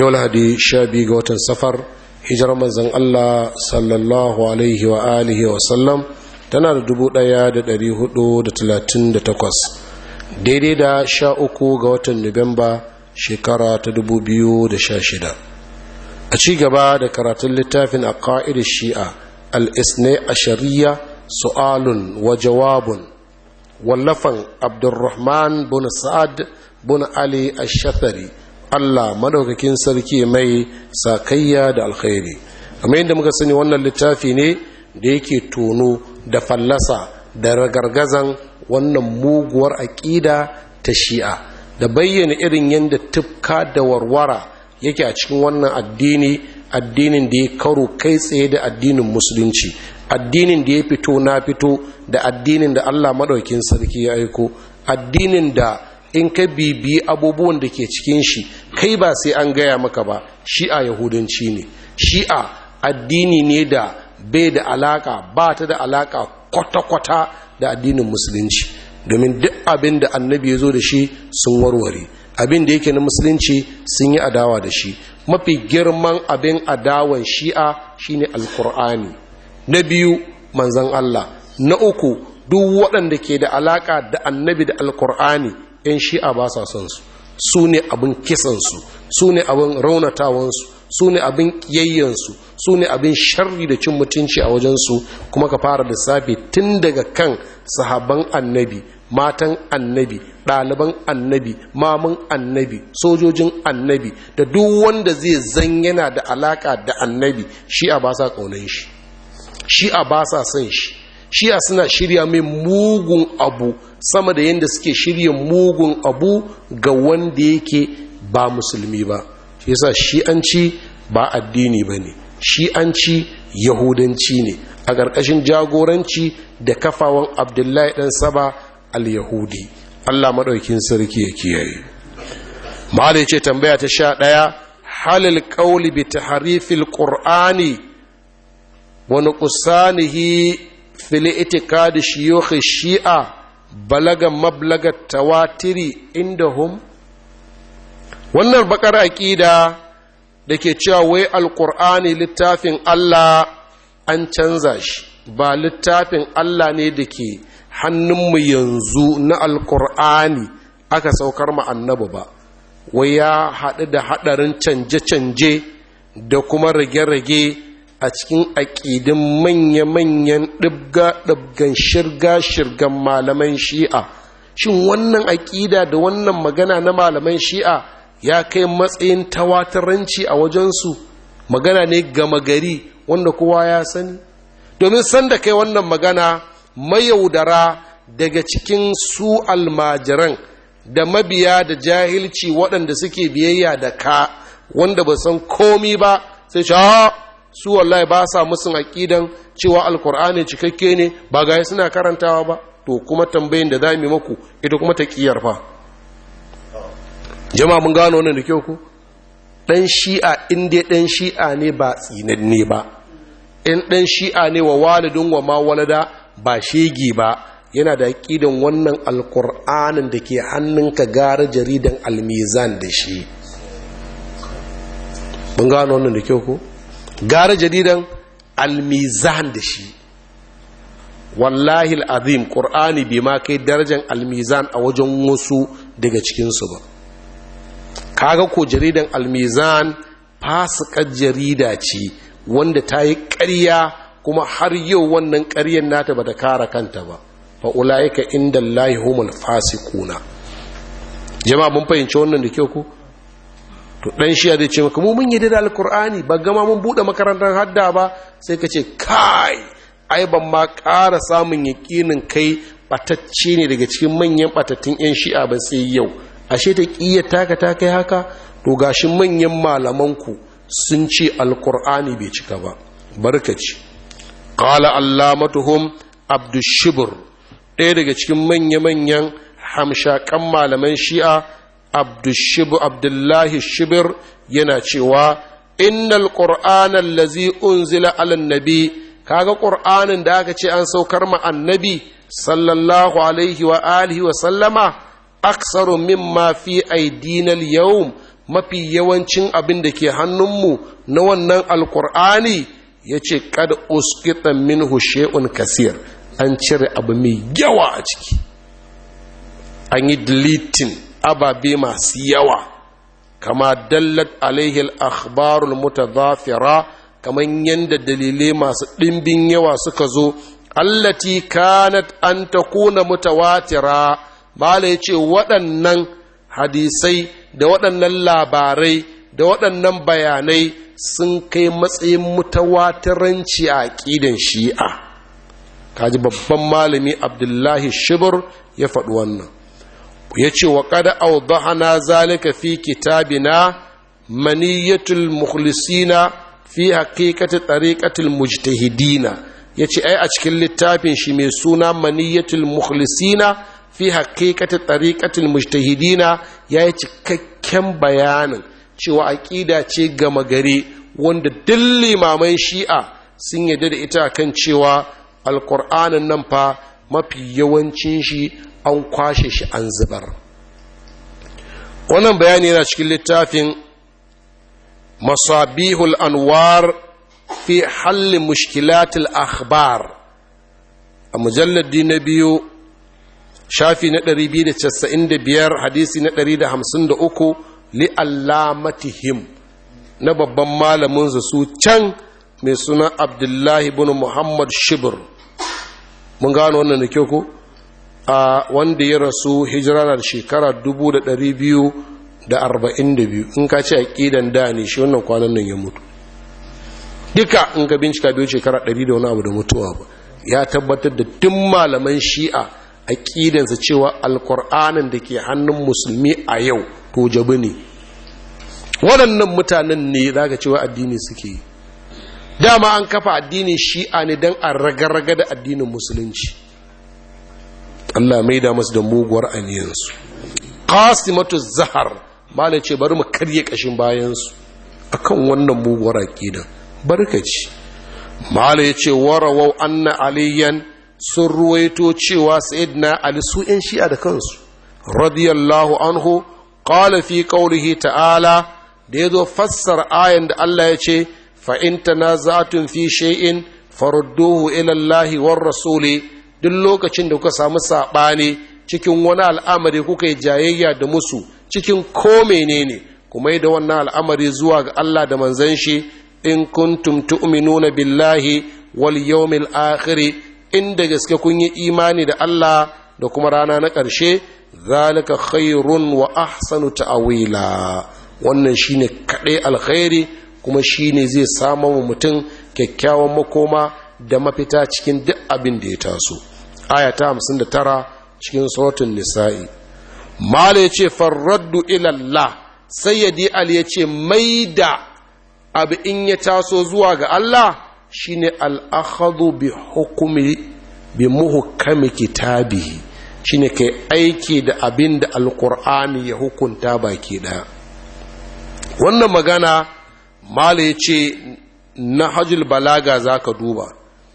yau lahadi sha biyu ga watan safar hijirar manzan Allah sallallahu alaihi wa alihi wa sallam tana da dubu daya da dari hudu da talatin da takwas daidai da sha uku ga watan nuwamba shekara ta dubu biyu da sha shida a ci gaba da karatun littafin a ka'idar shi'a al'isne a shari'a su'alun wa jawabun wallafan abdulrahman bin sa'ad bin ali ash-shathari Allah madaukakin sarki mai sakayya da alkhairi kamar yadda muka sani wannan littafi ne da yake tono da fallasa da ragargazan wannan muguwar aƙida ta shi'a da bayyana irin yadda tufka da warwara yake a cikin wannan addini addinin da ya karo kai tsaye da addinin musulunci addinin da ya fito na fito da addinin da Allah madaukin sarki ya aiko addinin da in ka bibi abubuwan da ke cikin shi kai ba sai an gaya maka ba shi'a yahudanci ne shi'a addini ne da bai da alaka ba ta da alaka kwata-kwata da addinin musulunci domin duk abin da annabi ya zo da shi sun warware abin da yake na musulunci sun yi adawa da shi mafi girman abin adawan shi'a shine alkur'ani na biyu manzan allah na uku duk waɗanda ke da alaka da annabi da alkur'ani 'yan shi'a ba sa son su su ne abin kisansu su ne abin raunatawansu su ne abin ƙiyayyansu su ne abin sharri da cin mutunci a wajensu kuma ka fara lissafi tun daga kan sahaban annabi matan annabi ɗaliban annabi mamun annabi sojojin annabi da duk wanda zai zan yana da alaƙa da annabi shi'a ba sa ƙaunan shi shi'a ba sa son shi shi'a suna shirya mai mugun abu sama da yadda suke shirya mugun abu ga wanda yake ba musulmi ba shi yasa shi'anci ba addini ba ne shi'anci yahudanci ne a ƙarƙashin jagoranci da kafawan abdullahi ɗan saba al-yahudi allah maɗaukin sarki ya kiyaye ma'ala ce tambaya ta sha ɗaya halil ƙaulibi bi taharifil ƙur'ani wani ƙusanihi fil itikadi shiyukh shi'a balaga mablaga tawatiri indahum wannan bakar aƙida da ke cewa wai alkur'ani littafin Allah an canza shi ba littafin Allah ne da ke hannunmu yanzu na alkur'ani aka saukar mu annabi ba wai ya haɗu da haɗarin canje-canje da kuma rage-rage a cikin aƙidin manya-manyan ɗibga-ɗibgan shirga-shirgan malaman shi'a shin wannan aƙida da wannan magana na malaman shi'a ya kai matsayin tawataranci a wajensu magana ne gama gari wanda kowa ya sani domin sanda kai wannan magana mayaudara daga cikin su almajiran da mabiya da jahilci waɗanda suke biyayya da ka wanda ba san komi ba sai shi su wallahi ba sa musu aqidan cewa alkur'ani cikakke ne ba ga suna karantawa ba to kuma tambayin da zamu muku, ita kuma ta kiyar fa jama'a mun gano wannan da kyau ku dan shi'a in dai dan shi'a ne ba tsinanne ba in dan shi'a ne wa walidin wa ma walada ba shege ba yana da aqidan wannan alkur'anin da ke hannun ka gara jaridan almizan da shi mun gano wannan da kyau ku gara jaridan almizan da shi wallahi al'azim ƙur'ani bai ma kai darajar almizan a wajen wasu daga cikinsu ba kaga ko jaridan almizan fasikar jarida ce wanda ta yi ƙarya kuma har yau wannan ƙaryar nata ba ta kara kanta ba ula'ika inda lahi humul fasikuna jama'a mun fahimci wannan da kyau ku to dan shi zai ce maka mu mun yi da alkur'ani ba gama mun bude makarantar hadda ba sai ka ce kai ai ban ma ƙara samun yakinin kai batacce ne daga cikin manyan batattun yan shi'a ba sai yau ashe ta kiyar taka ta kai haka to gashi manyan malaman ku sun ce alkur'ani bai cika ba barkaci qala allamatuhum abdushibr ɗaya daga cikin manya-manyan hamshakan malaman shi'a abdullahi shibir yana cewa innal qur'ana allazi unzila ala nabi kaga qur'anin da aka ce an saukar ma annabi sallallahu alaihi wa alihi wa sallama aksaru mimma fi aidinal yawm mafi yawancin abin da ke hannunmu na wannan alkur'ani ya ce kada uskita minhu she'un kasir an cire abu mai yawa a ciki an yi deleting ababe masu yawa kama dallat alaihil akhbarul mutadhafira kaman yanda dalilai masu ɗimbin yawa suka zo allati kanat an ta kuna mutawatira mala yace waɗannan hadisai da waɗannan labarai da waɗannan bayanai sun kai matsayin mutawatiranci a ƙidan shi'a kaji babban malami abdullahi shibir ya faɗi wannan ya ce wa kada audahana zalika fi kitabina maniyyatul mukhlisina fi haqiqati tariqatil mujtahidina yace ai a cikin littafin shi mai suna maniyyatul mukhlisina fi haqiqati tariqatil mujtahidina Ya yi cikakken bayanin cewa aqida ce gama gare wanda duk limaman shi'a sun yarda da ita kan cewa alqur'anin nan fa mafi yawancin shi an kwashe shi an zubar wannan bayani yana cikin littafin masabihul anwar fi halli mushkilatil akhbar a mujalladi na biyu shafi na 295 hadisi na 153 allamatihim na babban malamin su can mai suna abdullahi ibn muhammad shibir mun gano wannan da kyau ko a wanda ya rasu hijirar shekara 242 in ka ce ƙidan da ne shi wannan kwanan nan ya mutu duka in ka bincika biyu shekara 100 da wani abu da mutuwa ba ya tabbatar da tun malaman shi'a a aƙidansa cewa alkur'anin da ke hannun musulmi a yau to jabi ne waɗannan mutanen ne za ka cewa addini suke yi dama an kafa addinin shi'a ne don a raga-raga da addinin musulunci Allah mai da masu da muguwar aniyansu Kasimatu zahar mala ce bari mu karye kashin bayansu A kan wannan muguwar aƙidan barkaci mala yace warawau anna aliyan sun ruwaito cewa na ali su yan shi'a da kansu radiyallahu anhu ƙalafi fi ta'ala da yazo fassar ayan da Allah ya ce na na za'atun fi shay'in farudduhu ilallahi war rasuli duk lokacin da kuka samu saɓani cikin wani al'amari kuka yi jayayya da musu cikin ko menene kuma yi da wannan al'amari zuwa ga Allah da manzan shi in kuntum nuna billahi wal yawmil akhiri, in da gaske kun yi imani da Allah da kuma rana na ƙarshe zalika khairun wa ahsanu ta'awila wannan shine kaɗai alkhairi kuma shine zai samu mutum kyakkyawan makoma da mafita cikin duk abin da ya taso aya ta hamsin da tara cikin sautin nisa'i mala ya ce farraddu ilallah sai sayyadi ali ya ce mai da abu in ya taso zuwa ga Allah shine al'akhadu bi hukumi bi muhukami kitabihi shine kai aiki da abin da alkur'ani ya hukunta baki ɗaya wannan magana mala ya ce na hajjul balaga za ka duba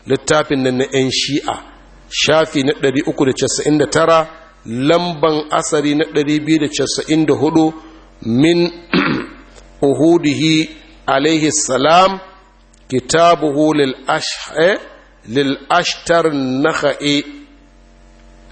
littafin nan na 'yan shi'a shafi na 399 lamban asari na 294 min uhudihi alaihi salam kitabuhu eh, lil ashtar nakha'i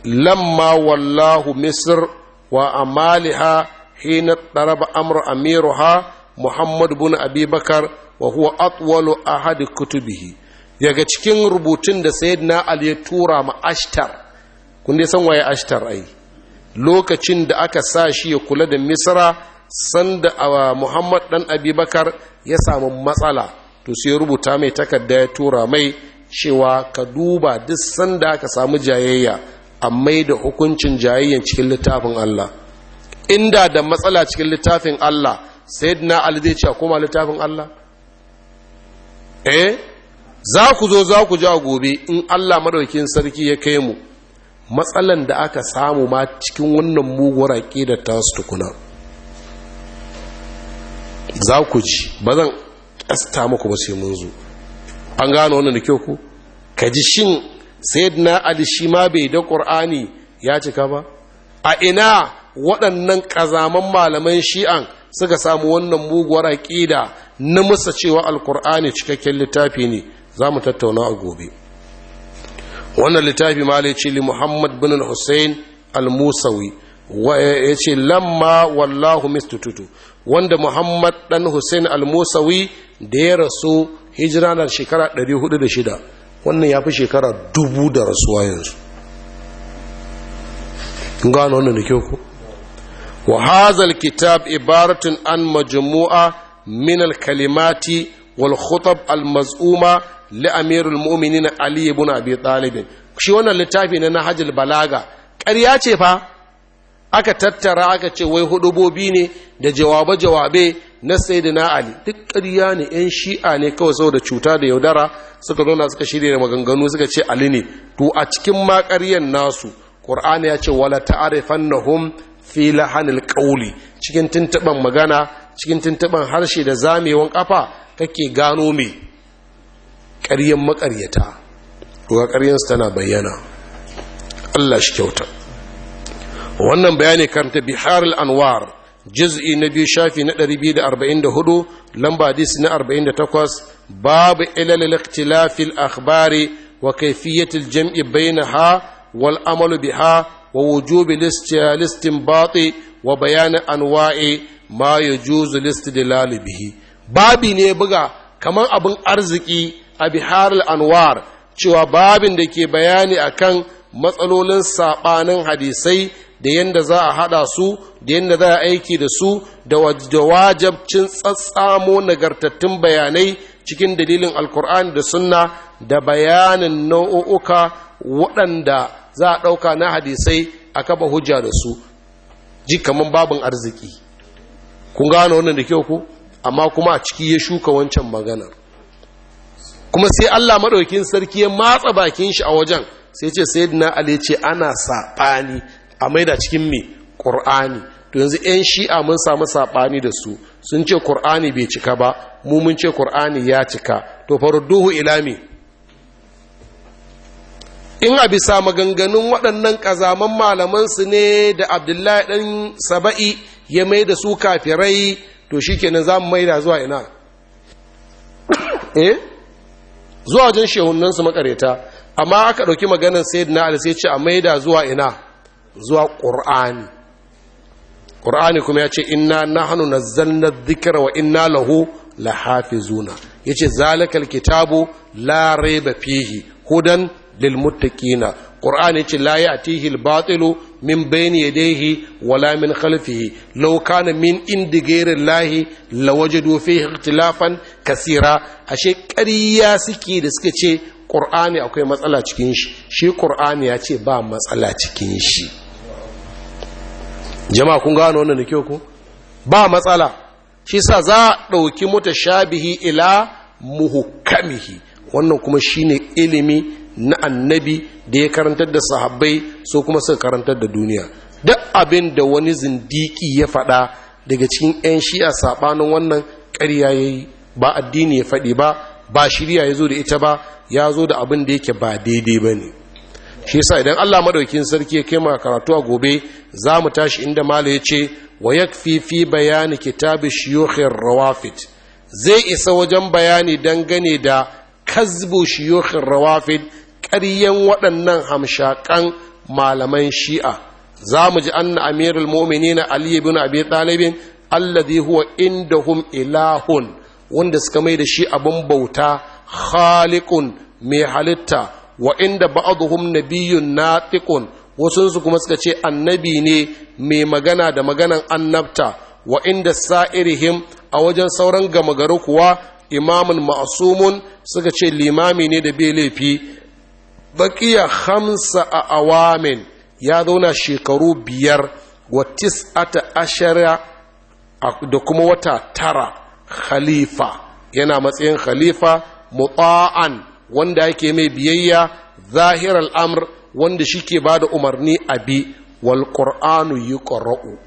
lamma wallahu misr wa amaliha hina ɗaraba amru amiruha Muhammadu bin abi bakar wa huwa atwalu ahadi kutubihi daga cikin rubutun da sayyidina ali ya tura ma ashtar kun dai san waye ashtar ai lokacin da aka sa shi ya kula da misra sanda muhammad dan abubakar ya samu matsala to sai ya rubuta mai takarda ya tura mai cewa ka duba duk sanda aka samu jayayya amma da hukuncin jayayyan cikin littafin allah inda da matsala cikin littafin allah na ali zai ce kuma littafin allah eh za ku zo za ku ji a gobe in allah madaukin sarki ya kai mu matsalan da aka samu ma cikin wannan muguwar aƙidar ta su tukuna za ku ji ba zan ƙasta muku ba sai mun zo an gano wannan da kyau ku ka ji shin sayyidina ali shi ma bai da ƙur'ani ya cika ba a ina waɗannan ƙazaman malaman shi'an suka samu wannan muguwar aƙida na musa cewa alƙur'ani cikakken littafi ne za mu tattauna a gobe wannan littafi malici li muhammad bin hussein al-musawi ya ce lamma wallahu mistututu wanda muhammad dan hussein al-musawi da ya rasu hijira na shekara 406 wannan ya fi shekara dubu da rasuwa yanzu gano wannan da kyau ku wa hazal kitab ibaratun an majmu'a min al-kalimati wal khutab al-maz'uma li amirul mu'minin ali ibn abi talib shi wannan littafi na Hajjal balaga ƙarya ce fa aka tattara aka ce wai hudubobi ne da jawabe-jawabe na sayyidina ali duk ƙarya ne yan shi'a ne kawai saboda cuta da yaudara suka zauna suka shirya da maganganu suka ce ali ne to a cikin ma ƙaryan nasu ƙur'ani ya ce wala ta'rifannahum fi lahanil qawli cikin tuntuban magana cikin tuntuban harshe da zamewan kafa kake gano me ƙaryen maƙaryata, ga ƙaryensu tana bayyana Allah shi kyauta wannan bayani karanta bihar al'anwar jiz'i na biyu shafi na 244 lamba disi na 48 babu ilalil ikhtilafil akhbari wa kaifiyatil jam'i bainaha wal amalu biha wa wujubi batse, wa bayanin anwa'i ma yajuzu listidlal bihi babi ne buga kamar abin arziki a biharul anwar cewa babin da ke bayani akan matsalolin saɓanin hadisai da yadda za a haɗa su da yadda za a aiki da su da wajabcin tsatsamo nagartattun bayanai cikin dalilin alkur'ani da sunna da bayanin nau'uka waɗanda za a ɗauka na hadisai a kaba hujja da su ji kamar babin arziki kun gane wannan da kyau ku amma kuma a ciki ya shuka wancan maganar kuma sai Allah maɗaukin sarki ya matsa bakin shi a wajen sai ce sayyidina ali ce ana saɓani a maida cikin me ƙur'ani to yanzu 'yan shi'a mun samu saɓani da su sun ce ƙur'ani bai cika ba mu mun ce ƙur'ani ya cika to ila ilami in a bisa maganganun waɗannan ƙazaman malamansu ne da abdullahi ɗan saba'i ya mai da su kafirai to shikenan zamu za mu maida zuwa ina eh zuwa wajen su makareta amma aka ɗauki maganar sayyidina ali sai ce a maida zuwa ina zuwa ƙur'ani ƙur'ani kuma ya ce inna nahnu na zikar wa inna lahu zuna? la ya yace zalikal kitabu la ba fihi hudan lil muttaqina qur'ani yace layi a tihil batilu min ya daihi wala min khalfihi law kana min indi lahi llahi dofe fihi tilafan kasira. ashe karya suke da suka ce qur'ani akwai matsala cikin shi shi qur'ani ya ce ba matsala cikin shi jama'a kun gano wannan da kyau ko ba matsala shi sa za a ɗauki mutashabihi ila muhukamihi wannan kuma shine ilimi na annabi da ya karantar da sahabbai so kuma suka karantar da duniya duk abin da wani zindiki ya faɗa daga cikin 'yan shi'a saɓanin wannan ƙarya ya yi ba addini ya faɗi ba ba shirya ya zo da ita ba ya zo da abin da yake ba daidai ba ne shi sa idan allah maɗaukin sarki ya kai ma karatu a gobe za mu tashi inda mala ya ce wa ya fi bayani kitabi shiyokin rawafit? zai isa wajen bayani dangane da kazbo shiyokin rawafit? ƙaryen waɗannan hamshakan malaman shi'a za mu ji anna amirul na aliyu ibn abi ɗalibin allazi huwa indahum ilahun wanda suka mai da shi abin bauta khaliqun mai halitta wa inda ba'dhum nabiyyun natiqun wasunsu kuma suka ce annabi ne mai magana da maganan annabta wa inda sa'irihim a wajen sauran gama gari kuwa imamun masumun suka ce limami ne da bai laifi baƙiya hamsa a awamin ya zauna shekaru biyar wa tis'ata ashara da kuma wata tara khalifa yana matsayin khalifa muta'an wanda yake mai biyayya zahir al'amr wanda shi ke ba da umarni a bi wal yi ƙora'u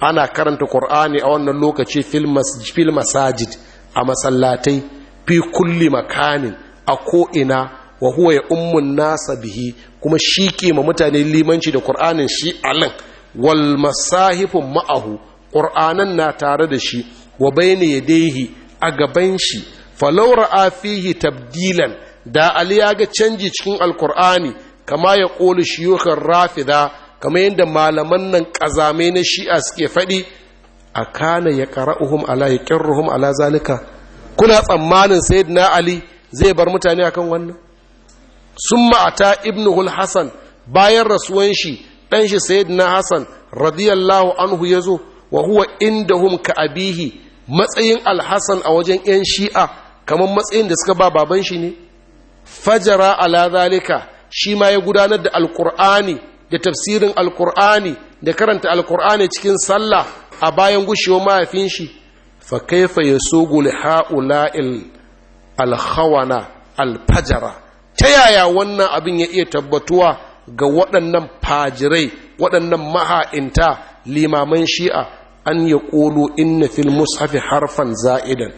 ana karanta ƙur'ani a wannan lokaci fil masajid a masallatai fi kulli makanin a ko'ina wa huwa ya ummun nasa bihi kuma shi ke ma mutane limanci da qur'anin shi alan wal masahifu ma'ahu qur'anan na tare da shi wa bayna yadayhi a gaban shi falaura ra'a fihi tabdilan da ali ya ga canji cikin alqur'ani kama ya qulu shiyukhar rafida kama yadda malaman nan kazame na shi'a suke faɗi a kana ya qara'uhum ala yaqirruhum ala zalika kuna tsammanin sayyidina ali zai bar mutane akan wannan sun ma'ata ibnuhul hassan bayan rasuwan shi ɗan shi sayyidina hassan radiyallahu anhu ya zo wa huwa indahum ka abihi matsayin alhassan a wajen 'yan shi'a kamar matsayin da suka ba baban shi ne fajara ala zalika shi ma ya gudanar da alkur'ani da tafsirin alkur'ani da karanta alkur'ani cikin sallah a bayan gushewa mahaifin shi fa kaifa yasugu li ha'ula'il alhawana alfajara ta yaya wannan abin ya iya tabbatuwa ga waɗannan fajirai waɗannan maha'inta limaman shi'a an ya ƙolo inna fil mushafi harfan za'idan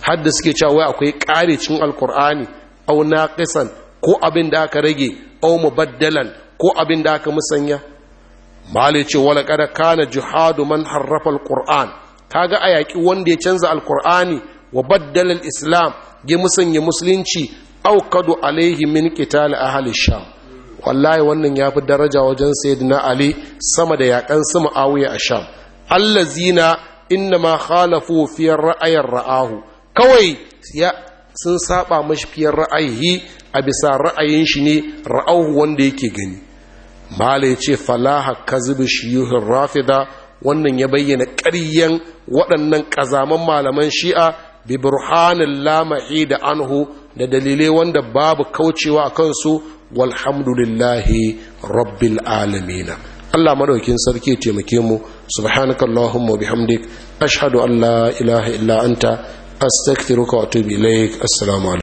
hadda suke cewa wai akwai ƙare cin alkur'ani au naqisan ko abin da aka rage au mubaddalan ko abin da aka musanya mali ce wala kada kana jihadu man harrafa alquran kaga a yaƙi wanda ya canza alkur'ani wa baddala islam ya musanya musulunci aukadu alaihi min qital ahli sham wallahi wannan yafi daraja wajen sayyidina ali sama da yakan su muawiya a sham allazina ma khalafu fi ra'ayin ra'ahu kawai ya sun saba mashi fiyar ra'ayi a bisa ra'ayin shi ne ra'ahu wanda yake gani mala yace falaha kazib shiyuhin rafida wannan ya bayyana ƙaryen waɗannan ƙazaman malaman shi'a bi burhanin lamahi da anhu da dalilai wanda babu kaucewa a kansu walhamdulillahi rabbil alamina Allah madaukin sarki taimake mu subhanakallahumma bihamdik ashhadu an la ilaha illa anta astaghfiruka wa atubu ilaik assalamu